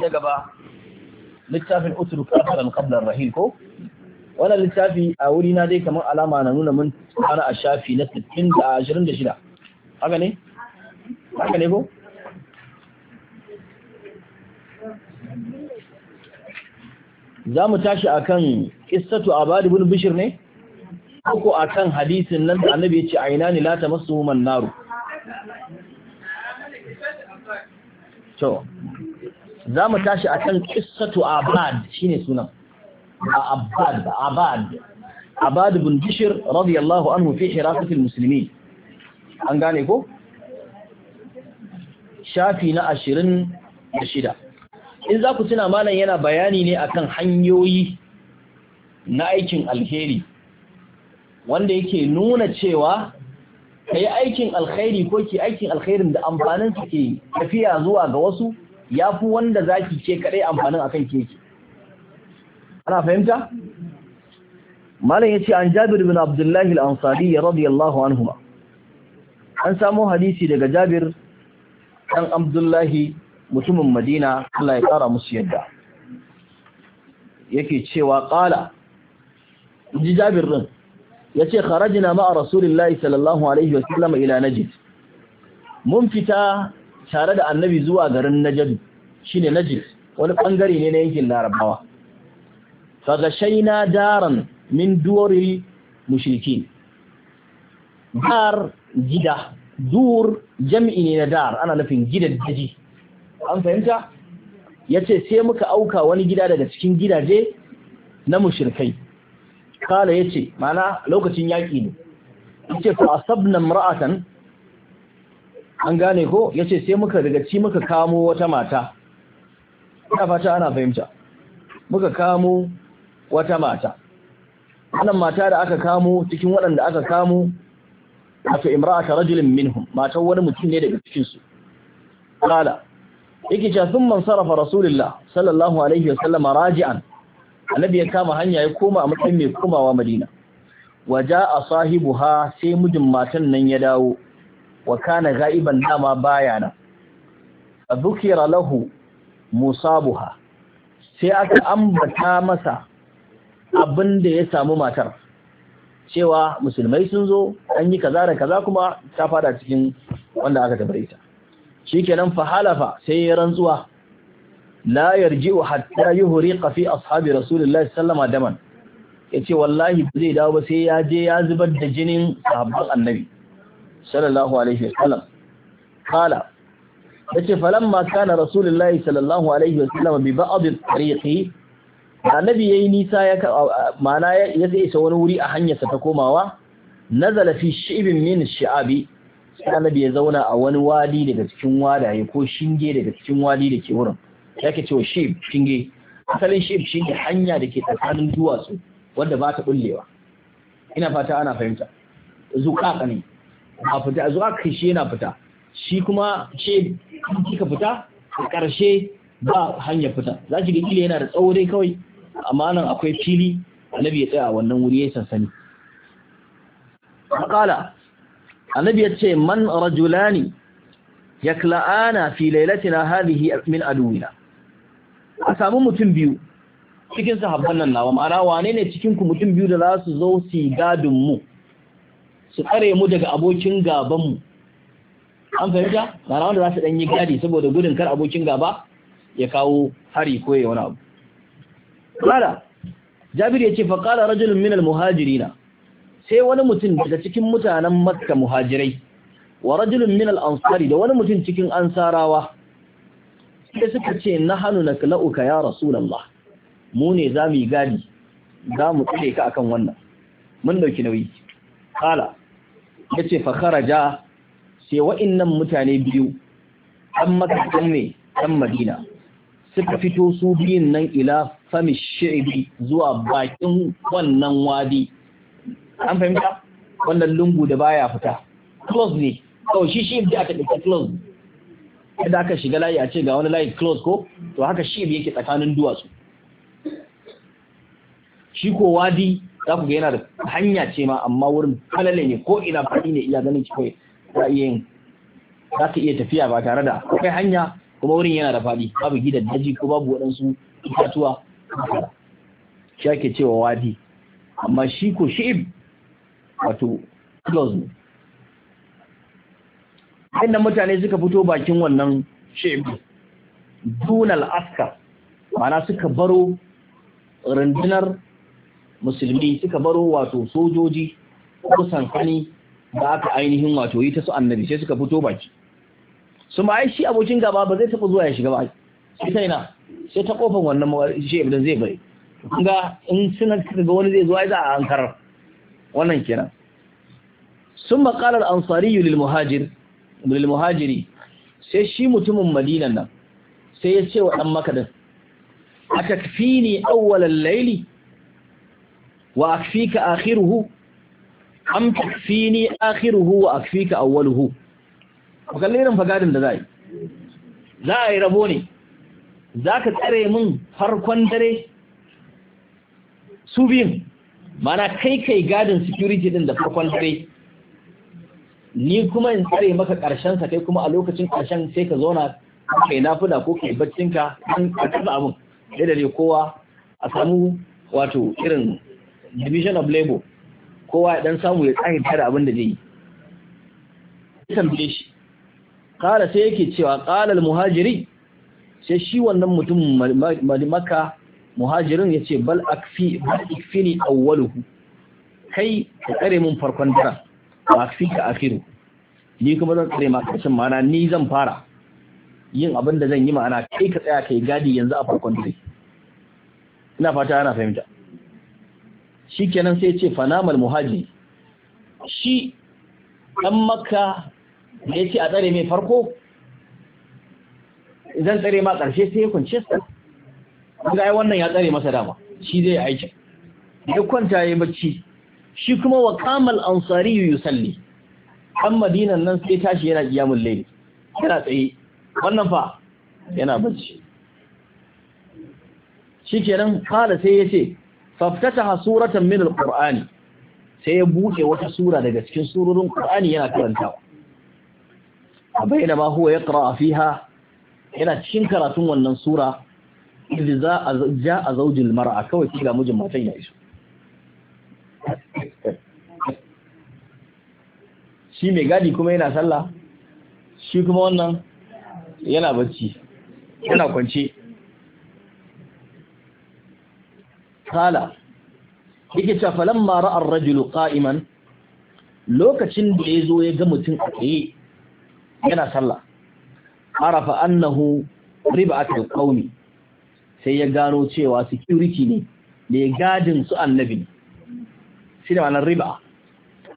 na gaba littafin utruk asaran qabla rahil ko wannan littafi a wuri na dai kamar alama na nuna mun ana a shafi na 26 haka ne haka ne ko za mu tashi a kan kistatu a ba dubin bishir ne? ko a kan hadisin nan da annabi ya ce a ina ne lata masu man naru. za mu tashi a kan ƙissatu abad shi ne sunan abad abad abad bin bishir radiyallahu anhu fi hirasatul musulmi an gane ko shafi na ashirin da shida in za ku tuna malam yana bayani ne akan hanyoyi na aikin alheri wanda yake nuna cewa ka yi aikin alkhairi ko ke aikin alherin da amfanin ke tafiya zuwa ga wasu ya fi wanda zaki ce kadai amfanin akan keke ana fahimta malam ce an Jabir bin Abdullahi al-Ansari radiyallahu anhuma an samu hadisi daga Jabir ɗan Abdullahi mutumin Madina Allah ya kara musu yadda yake cewa In ji Jabir din yace na ma'a Rasulillahi sallallahu alaihi wasallam ila Najib. mun fita tare da Annabi zuwa garin Najib. shine najis wani ɓangare ne na yankin larabawa na daran min duwari mushrikin dar gida dur jam'i ne na dar ana nufin gidan daji an fahimta yace sai muka auka wani gida daga cikin gidaje na mushrikai kala yace mana lokacin yaki ne yace fa asabna imra'atan an gane ko yace sai muka daga ci muka kamo wata mata ina fata ana fahimta muka kamo wata mata wannan mata da aka kamo cikin waɗanda aka kamo wato imra'ata rajulin minhum matan wani mutum ne daga cikin su qala yake cewa sun man sarafa rasulullah sallallahu alaihi wa sallama raji'an annabi ya kama hanya ya koma a matsayin mai komawa madina waja a sahibuha sai mijin matan nan ya dawo wa kana ga'iban dama baya nan a lahu musabuha sai aka ambata masa abinda ya samu matar cewa musulmai sun zo an yi kaza da kaza kuma ta fada cikin wanda aka tabare ta shikenan fa halafa sai ya rantsuwa la yarji'u hatta yuhriqa fi ashabi rasulillahi sallama daman yace wallahi ba zai dawo ba sai ya je ya zubar da jinin sahabban annabi sallallahu alaihi wasallam kala yace falamma kana rasulullahi sallallahu alaihi wasallam bi ba'd al-tariqi annabi yayi nisa ya mana ya zai isa wani wuri a hanyarsa ta komawa nazala fi shi'bin min shi'abi annabi ya zauna a wani wadi daga cikin wadaye ko shinge daga cikin wadi da ke wurin yake cewa shib shinge asalin shib shinge hanya da ke tsakanin duwatsu wanda ba ta bullewa ina fata ana fahimta zuqaqani ne a fita zuƙaƙa shi yana fita shi kuma ce kika fita a ƙarshe ba hanya fita za ki ga kila yana da tsawo dai kawai amma nan akwai fili annabi ya tsaya a wannan wuri ya sansani maƙala annabi ya ce man rajulani yakla'ana fi lailatina halihi min aduwina a samu mutum biyu cikin sahabban nan nawa ma'ana wane ne cikinku mutum biyu da za su zo su gadin mu su tsare mu daga abokin gabanmu. an fahimta rawar da za su ɗan yi gadi saboda gudun kar abokin gaba ya kawo hari ko ya wani abu kala jabir ya ce fa kala rajulun min muhajirina sai wani mutum daga cikin mutanen makka muhajirai wa rajulun min ansari da wani mutum cikin ansarawa sai suka ce na na nakla'uka ya rasulullah mu ne za mu yi gadi za mu tsire ka akan wannan mun ɗauki nauyi kala yace fa kharaja sai wa'innan mutane biyu ɗan makaɗan ne ɗan madina suka fito su biyun nan ila fami shi'ibi zuwa bakin wannan wadi an fahimta wannan lungu da baya fita close ne kawai shi shi da aka ɗauka close yadda aka shiga layi a ce ga wani layi close ko to haka shi yake tsakanin duwatsu shi ko wadi za ku ga yana da hanya ce ma amma wurin halale ne ko ina faɗi ne iya ganin kawai ra'ayin iya za ka iya tafiya ba tare da akwai hanya kuma wurin yana da faɗi babu gidan daji ko babu waɗansu itatuwa shi ake cewa wadi amma shi ko shi'ib wato close ne inda mutane suka fito bakin wannan shi'ib dunal askar mana suka baro rundunar musulmi suka baro wato sojoji ko sansani Ba aka ainihin wato yi ta su annabi sai suka fito baki su ma shi abokin gaba ba zai taɓa zuwa ya shiga ba sai ta ina sai ta kofar wannan shi idan zai bari ga in suna ga wani zai zo ai za a ankarar wannan kenan sun maƙalar ansariyu lil muhajir lil muhajiri sai shi mutumin madinan nan sai ya ce wa ɗan makadin a takfini awwalan layli? wa akfika akhiruhu am takfini akhiruhu wa akfika awwaluhu ku kalle irin fagadin da zai za a yi rabo ne zaka tsare min farkon dare su biyun mana kai kai gadin security din da farkon dare ni kuma in tsare maka karshen sa kai kuma a lokacin karshen sai ka zauna kai na fida ko kai ka an abun abin da kowa a samu wato irin division of labor kowa ya dan samu ya tsahirta da abin da zai yi tambaye shi kala sai yake cewa qala muhajiri sai shi wannan mutum maka muhajirin yace bal akfi bal ikfini awwaluhu kai ka kare mun farkon daren ba fi ka akiru ni kuma zan tsare maka karshen ma'ana ni zan fara yin abin da zan yi ma'ana kai ka tsaya kai gadi yanzu a farkon dare ina fata ana fahimta shikenan sai ce fanamal muhaji shi dan makka da ya ce a tsare mai farko idan tsare ma ƙarshe sai ya kunce sa ga wannan ya tsare masa dama shi zai aikin ya kwanta ya bacci shi kuma wa kamal ansari yusalli an madinan nan sai tashi yana qiyamul layl yana tsaye wannan fa yana bacci shikenan kala sai yace faftataha suratan min alqur'ani sai ya buɗe wata sura daga cikin surorin qur'ani yana karantawa abaina ma huwa yaqra fiha yana cikin karatun wannan sura idza za jaa mar'a kawai kiga mijin matan ya iso shi mai gadi kuma yana sallah shi kuma wannan yana bacci yana kwance kala yake cewa falamma ra'a ar-rajulu qa'iman lokacin da ya zo ya ga mutum a tsaye yana sallah arafa annahu rib'atul qaumi sai ya gano cewa security ne da gadin su annabi shi da wannan riba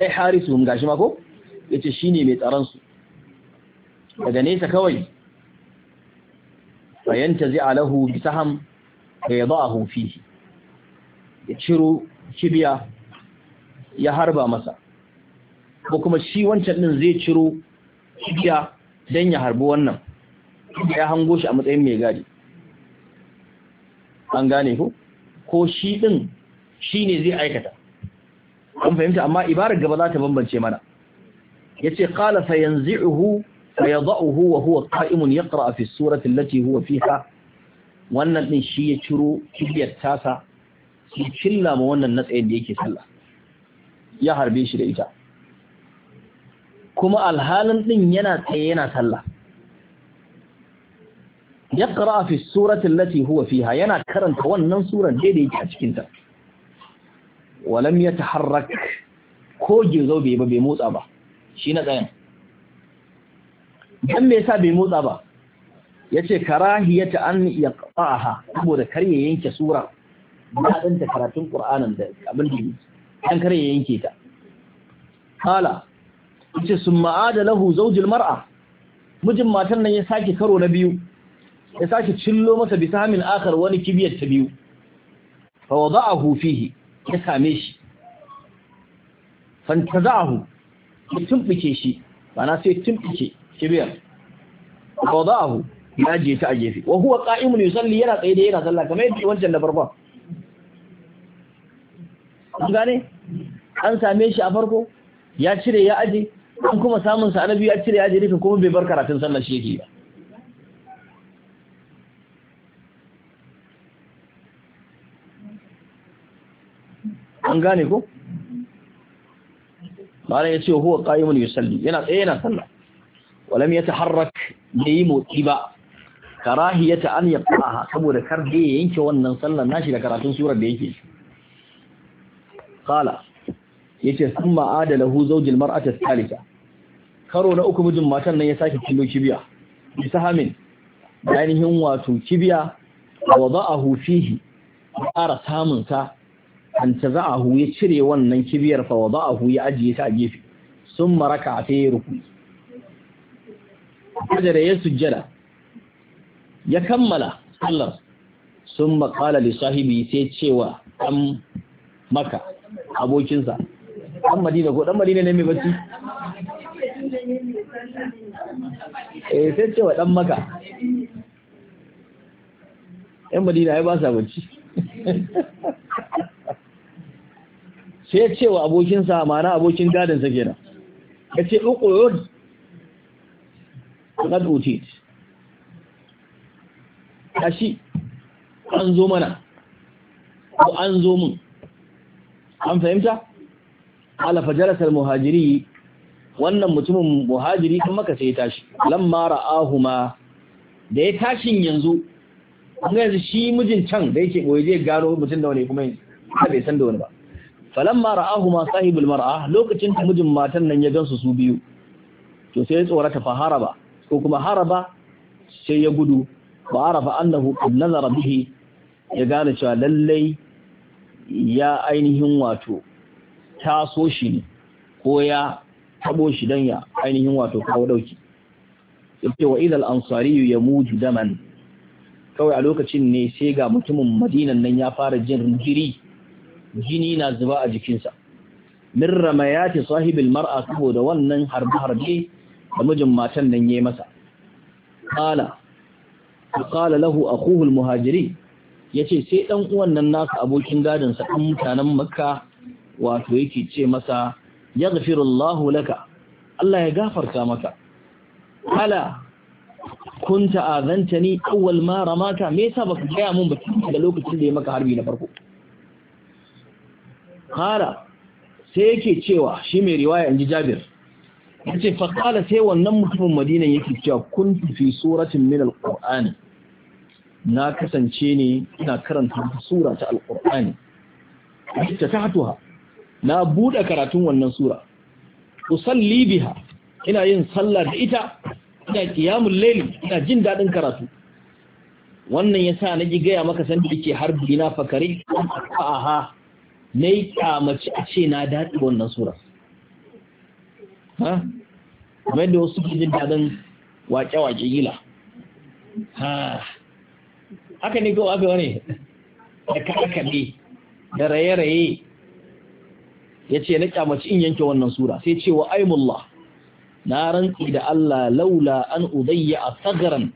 ai harisu gashi mako, yace shine mai tsaron su daga nesa kawai zai alahu bisaham fa a fihi ya ciro kibiya ya harba masa ko kuma shi wancan din zai ciro kibiya don ya harbi wannan ya hango shi a matsayin mai gadi an gane ko ko shi din shi ne zai aikata an fahimta amma ibarar gaba za ta bambance mana ya ce ƙala fayanzi'uhu fayadha'uhu wa huwa qa'imun yaqra fi surati allati huwa fiha wannan din shi ya ciro kibiyar tasa ya cilla ma wannan natsayin da yake sallah ya harbe shi da ita kuma alhalin din yana tsaye yana sallah ya ƙara fi suratun lati huwa fiha yana karanta wannan suran daidai yake a cikinta walam ya ko gizo bai ba bai motsa ba shi na tsayin dan me yasa bai motsa ba yace karahiyata an yaqaha saboda kar ya yanke sura Na ta karatun Qur'anin da abin da yake an kare yanke ta kala yace summa ada lahu zawjul mar'a mijin matan nan ya sake karo na biyu ya sake cillo masa bisamin akar wani kibiyar ta biyu fa wada'ahu fihi ya same shi fantaza'ahu ya tumbuke shi bana sai tumbuke kibiyar fa wada'ahu ya je ta a gefe wa huwa qa'imun yusalli yana tsaye da yana sallah kamar yadda wancan da farkon an gane an same shi a farko ya cire ya aje an kuma samun sa anabi ya cire ya aje rikin kuma bai bar karatun sallar shi yake ba an gane ko ma'ana ya ce huwa qa'imun yusalli yana tsaye yana sallah walam yataharrak bai motsi ba karahiyata an yaqaha saboda kar da yanke wannan sallar nashi da karatun surar da yake shi qala yace thumma ada lahu zawjul mar'ati salisa karo na uku mijin matan nan ya sake killo kibiya bi sahamin ainihin wato kibiya wada'ahu fihi ara samun sa an taza'ahu ya cire wannan kibiyar fa wada'ahu ya ajiye ta a gefe sun maraka ta yi ruku ya sujjada ya kammala sallar sun makala da sahibi sai cewa ɗan maka abokinsa Ɗan madina ko ɗan madina ne mai bacci eh sai cewa ɗan maka yan madina ya ba sa bacci sai cewa abokinsa ma'ana abokin gadinsa kenan ya ce na qad ta shi an zo mana ko an zo mun an fahimta ala fajalasal muhajiri wannan mutumin muhajiri kan maka sai ya tashi lamma ma da ya tashin yanzu an yanzu shi mijin can da yake boye zai gano mutum da wani kuma ya bai san da wani ba falamma ma sahibul mar'a lokacin da mijin matan nan ya gansu su biyu to sai ya tsorata fa haraba ko kuma haraba sai ya gudu ba arafa annahu nazara bihi ya gane cewa lallai ya ainihin wato taso shi ne ko ya tabo shi don ya ainihin wato kawo dauki yake wa idal ansariyu ya muji daman kawai a lokacin ne sai ga mutumin madinan nan ya fara jin jiri jini na zuba a jikinsa min ramayati sahibil mar'a saboda wannan harbe-harbe da mijin matan nan ya yi masa qala qala lahu a al-muhajiri ya ce sai ɗan uwan nan nasa abokin gadinsa ɗan mutanen makka wato yake ce masa ya gafirullahu laka Allah ya gafarta maka ala kunta azanta ni awwal ma ramata me yasa baka gaya mun ba da lokacin da ya maka harbi na farko kala sai yake cewa shi mai riwaya inji Jabir yace fa kala sai wannan mutumin Madina yake cewa kuntu fi suratin min alqur'ani na kasance ne ina karanta sura ta alqur'ani hatuwa, na buɗe karatun wannan sura usalli biha ina yin sallah da ita ina qiyamul layl ina jin dadin karatu wannan yasa na ji gaya maka san dake harbi na fakari aha nayi kamaci a ce na dadi wannan sura ha kamar da wasu jin dadin wake waƙe gila ha haka ne kawai aka wani da kakaɓe da raye-raye ya ce na kyamaci in yanke wannan sura sai ce wa aimullah na rantsi da Allah laula an ubayya a sagaran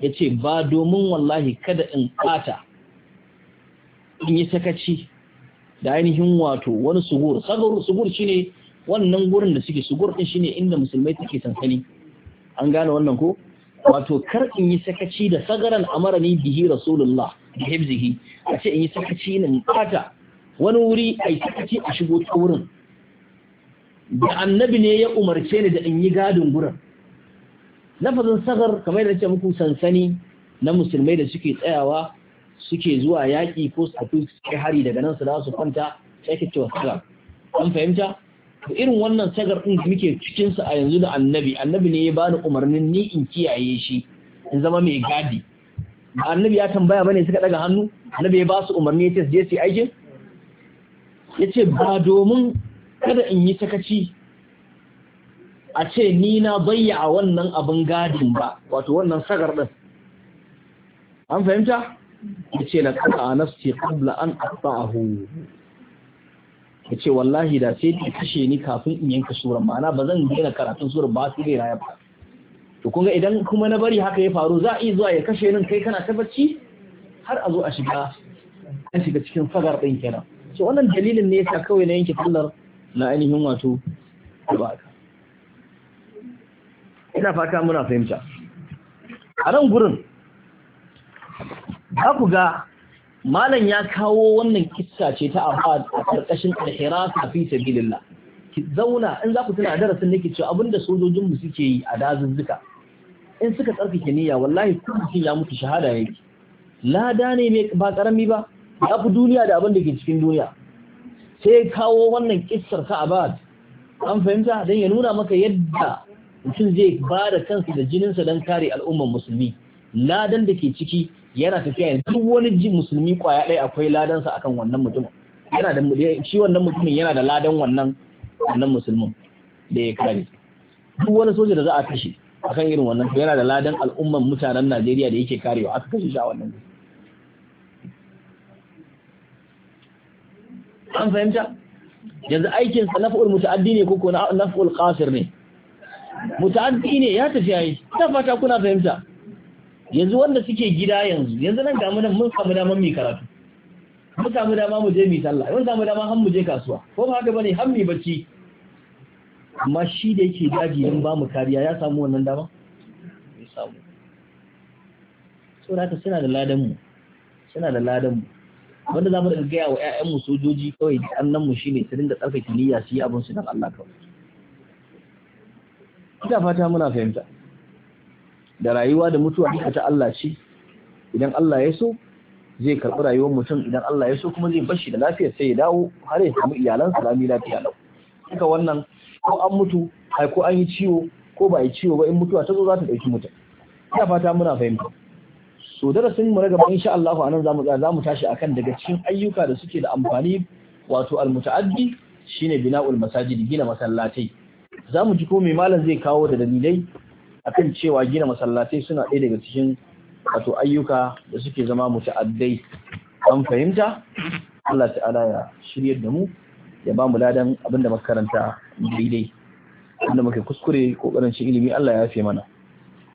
ya ce ba domin wallahi kada in ƙata in yi sakaci da ainihin wato wani sugur sagar sugur shine wannan gurin da suke sugur din shine inda musulmai suke sansani an gane wannan ko wato kar in yi sakaci da sagaran amarani bihi rasulullah da hibzihi a ce in yi sakaci na bata wani wuri a yi sakaci a shigo ta wurin da annabi ne ya umarce ni da in yi gadin gurin lafazin sagar kamar da ce muku sansani na musulmai da suke tsayawa suke zuwa yaƙi ko su kai hari daga nan su za su kwanta sai ake cewa sagar an fahimta to irin wannan sagar din da muke cikin sa a yanzu da annabi annabi ne ya bani umarnin ni in kiyaye shi in zama mai gadi annabi ya tambaya bane suka daga hannu annabi ya ba su umarni ya ce je su aikin ce ba domin kada in yi takaci a ce ni na bayya a wannan abin gadin ba wato wannan sagar din an fahimta ce na la a nafsi qabla an aqta'ahu ya ce wallahi da sai ka kashe ni kafin in yanka surar ma'ana ba zan daina karatun surar ba su gaira ya to kun ga idan kuma na bari haka ya faru za a iya zuwa ya kashe ni kai kana ta bacci har a zo a shiga an shiga cikin fagar ɗin kenan to wannan dalilin ne yasa kawai na yanke sallar na ainihin wato ba ina fata muna fahimta a nan gurin za ku ga malam ya kawo wannan kissa ce ta abad a karkashin alhirafa fi sabilillah ki zauna in za ku tuna darasin nake cewa abinda sojojin mu suke yi a dazuzzuka in suka tsarkake niyya wallahi kuma ya mutu shahada yake lada ne mai ba karami ba ya fi duniya da abin da ke cikin duniya sai kawo wannan kissar ta abad an fahimta don ya nuna maka yadda mutum zai ba da kansa da jininsa don kare al'ummar musulmi ladan da ke ciki yana tafiya yanzu. duk wani ji musulmi kwaya ɗaya akwai ladansa akan wannan mutumin yana da shi wannan mutumin yana da ladan wannan wannan musulmin da ya kare duk wani soja da za a kashe akan irin wannan to yana da ladan al'umman mutanen Najeriya da yake karewa aka kashe shi a wannan an fahimta yanzu aikin sa naf'ul muta'addi ne koko naf'ul qasir ne muta'addi ne ya tafi yayi ta fata kuna fahimta yanzu wanda suke gida yanzu yanzu nan ga mun samu dama mu karatu mun samu dama mu je mu sallah mun samu dama har mu je kasuwa ko ba haka bane har mu bacci amma shi da yake daji din ba mu kariya ya samu wannan dama ya samu da haka suna da ladan mu suna da ladan mu wanda za mu daga gaya wa 'ya'yanmu sojoji kawai da annan mu shine su dinga tsarkake niyya shi yi abin su dan Allah kawai ina fata muna fahimta da rayuwa da mutuwa duka ta Allah ce idan Allah ya so zai karɓi rayuwar mutum idan Allah ya so kuma zai bashi da lafiya sai ya dawo har ya samu iyalan salami lafiya lau duka wannan ko an mutu ai ko an yi ciwo ko ba yi ciwo ba in mutuwa ta zo za ta ɗauki mutum ina fata muna fahimta so darasin mu na gaba insha Allah anan zamu ga zamu tashi akan daga cikin ayyuka da suke da amfani wato almutaaddi shine bina'ul masajidi gina masallatai zamu ji ko mai malam zai kawo da dalilai akan cewa gina masallatai suna ɗaya daga cikin wato ayyuka da suke zama muta'addai an fahimta Allah ta'ala ya shiryar da mu ya ba mu ladan abinda makaranta daidai wanda muke kuskure kokarin shi ilimi Allah ya yafe mana